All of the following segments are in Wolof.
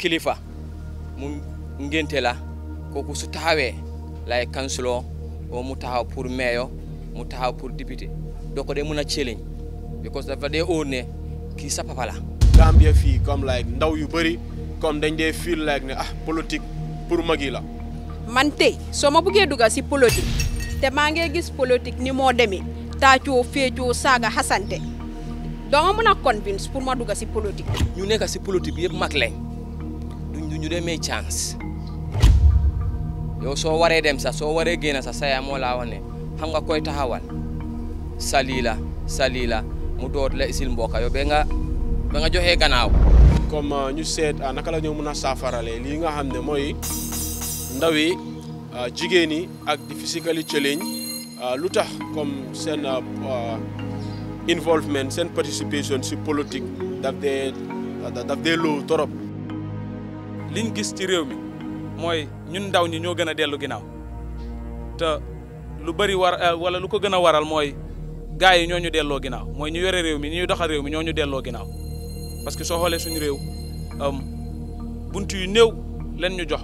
kilifa mu ngénte la kooku su taxawee lay kansuloo oo mu taxaw pour meeyo mu taxaw pour député doo ko dee mun a challenge because dafa dee óor ne kii sa papa la fii comme like ndaw yu bëri comme dañ dee feel like ne ah politique pour mag yi la man tey soo ma buggee dugal si politique te maa ngi gis politique ni moo demee taacoo féecoo saaga xasante doo ma mën a convince pour ma dugal si politique ñu nekk si politique bi yëpp mag lañ ñu demee chance yow soo waree dem sax soo waree génn sax sa yaay moo laa wax ne xam nga koy taxawal sali la mu doot la isil mbokka yow ba nga ba nga joxee gannaaw comme euh, ñu seet euh, naka la ñoo mën a saafarale lii nga xam ne mooy ndaw yi euh, jigéen yi ak di physically challenge lu tax comme seen involvement seen participation si politique daf dee daf dee torop liñ gis ci réew mi mooy ñun ndaw ñi ñoo gën a dellu ginnaaw te lu bëri war euh, wala lu ko gën a waral mooy gars yi ñoo ñu delloo ginnaaw mooy ñu yore réew mi ñu doxal réew mi ñoo ñu delloo ginnaaw parce que soo xoolee suñu réew bunt yu néew leen ñu jox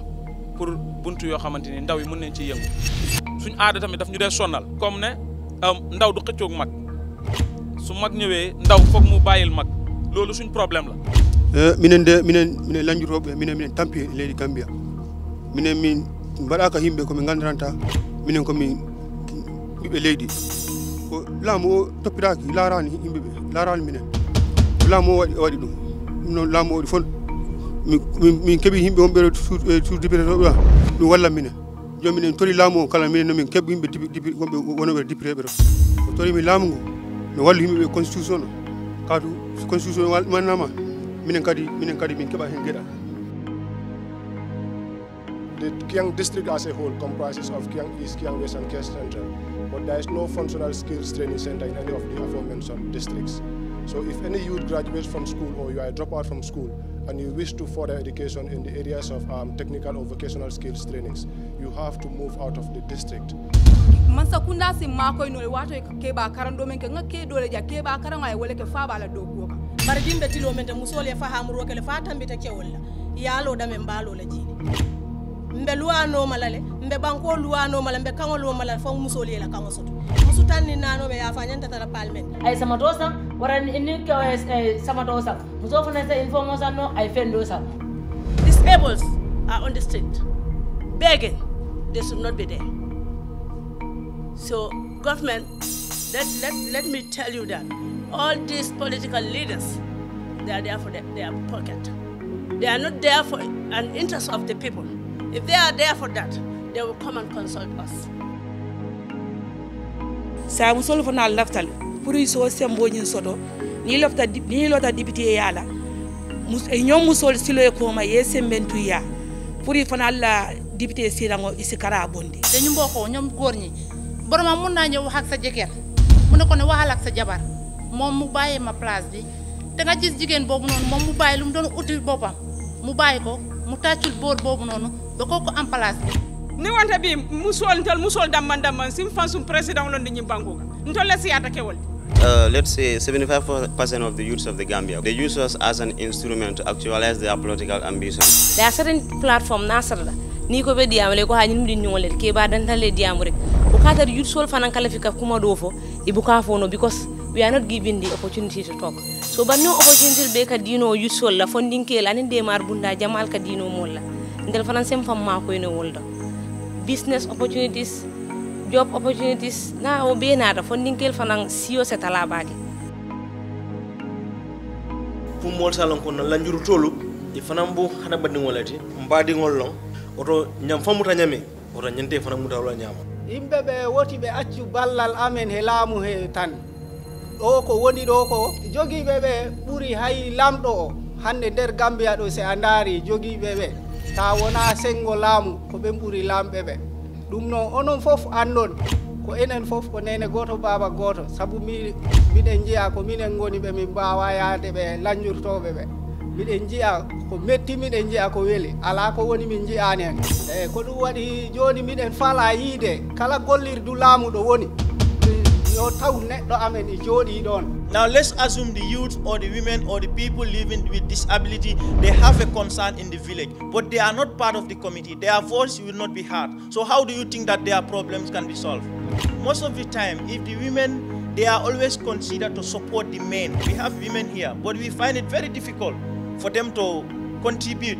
pour bunt yoo xamante ni ndaw yi mën nañ ci yëngu suñu aada tamit daf ñu dee sonnal comme ne ndaw du xëccoog mag su mag ñëwee ndaw foog mu bàyyil mag loolu suñ problème la Eh, minen de minen minen lanjutoɓe minen minen tampi e leydi gambia minen min mbaɗaka yimɓe komin gandiranta minen komin ɓiɓɓe leydi ko laamu o toppitaki laarani yimɓeɓe ɓe laarani minen ko laamu o waɗi waɗi ɗum ɗum noon laamu o waɗi fon min keeɓi yimɓe wonɓe suud e dipitetoɓe ɗum walla minen joni minen tori laamu o kala minen nomin keɓ yimɓe wonɓe wonoɓe dipireɓe to mi torimi laamu ngu mi wallu yimɓeɓe constitution o kaatu constitution wannama minen kadi minen kadi min hen the Kiang district as a whole comprises of Kiang East, Kiang West, and Kiang Central, but there is no functional skills training center in any of the aforementioned districts. So if any youth graduates from school or you are a dropout from school and you wish to further education in the areas of um, technical or vocational skills trainings, you have to move out of the district. mansa kunda ma no wato ke karan do ke ngake dole ja ke karan wole ke fa la do bare ɗimɓe tilo men te musol fa hamro kele fa tambita kewol la yaalo mbalo mbaalola jiini mbe luwanomala le mbe ɓanko luwanomala mbe kaŋolomala fo musol yela kaŋo soto musu tan ni nanoɓe yafa ñantatara paal men ay samato sam wara ni samato sam muso fana sa il sanno ay fendo sam disables are on the street begging they should not be there so government let, let, let me tell you that all these political leaders, they are there for their, their pocket. They are not there for an interest of the people. If they are there for that, they will come and consult us. saa musolu fana laftale pour so semboñin soto ni lofta ni lota député yala eh, nyom musol silo e koma ye mentu ya pour fana la député sirango isikara bondi dañu mboko ñom nyom ñi boroma mën na ñew wax ak sa jeker mu ne ko ne waxal ak sa jabar moom mu bàyyee ma place bi te nga gis jigéen boobu noonu moom mu bàyyi lu doon uti boppam mu bàyyi ko mu tàccul boor boobu noonu ba kooku am place bi ni wonta bi musol ntol musol damman damman sim fan président londi ñim bankuga ntol la siyata kewol Uh, let's say 75% of the youths of the Gambia, they use us as an instrument to actualize their political ambitions. There are certain platform nasarda ni ko be diamale ko hanyum din nyongole ke ba dan tale diamu rek o ka tar youth sol fanan kala fika kuma do fo e bu ka fo no because we are not given the opportunity to talk so no opportunity be ka dino yusol la funding ke la de mar bunda jamal ka dino molla ndel fanan sem fam ma ko ene wolda business opportunities job opportunities na o be na da fondin kel fanan CEO se tala baake fu mol salon ko nan lanjuru tolu di fanan bu hada badin wolati mbadi ngollon oto nyam ta nyame oto nyante fanan dawla nyama imbe be woti be accu ballal amen helamu he tan ɗo ko woni ɗo ko jogiiɓe ɓe ɓuri hay lamɗo o hannde nder gambiya ɗo se a ndaari jogiiɓe ɓe ta wona sengo laamu ko ɓen ɓuri laamɓe ɓe ɗum noon onon fof annon ko enen fof ko nene gooto baaba gooto sabu mi miɗen njiya ko minen ngoni ɓe min mbawa yaade ɓe lanjurtoɓe ɓe miɗen jiya ko metti miɗen njiya ko weeli ala ko woni min njiyani hen eyi ko ɗum waɗi joni miɗen fala yiide kala gollirdu laamu ɗo woni Now let's assume the youth or the women or the people living with disability, they have a concern in the village, but they are not part of the committee. Their voice will not be heard. So how do you think that their problems can be solved? Most of the time, if the women, they are always considered to support the men. We have women here, but we find it very difficult for them to contribute.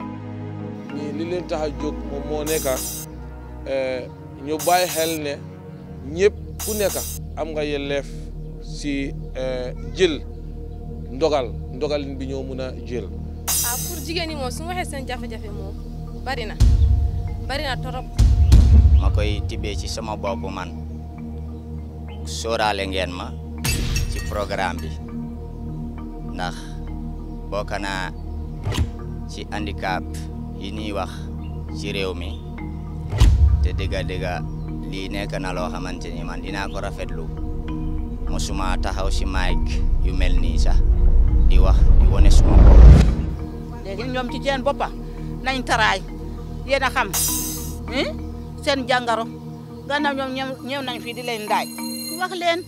ku nekk am nga yelef si eh, jil ndogal ndogalin bi ñoo mëna jël. ah pour jigéen ñi moom su waxe waxee seen jafé jafe moom bari na bari na torop. makoy tibé ci sama bopp man sóoraale ngeen ma ci programme bi ndax bokana ci handicap yi ni wax ci réew mi te dëgga dëgga lii nekk na loo xamante ni man dinaa ko rafetlu mosuma taxaw si mike yu mel ni sax di wax di wane suma bopp. léegi ñoom ci seen boppa nañ taraay yéen a xam seen jàngaro gannaaw ñoom ñëw nañ fii di leen ndaaj wax leen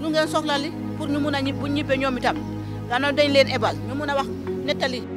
lu ngeen soxla li ñu mun a ñib bu ñibbee ñoom itam gannaaw dañ leen ebal ñu mun a wax nettali.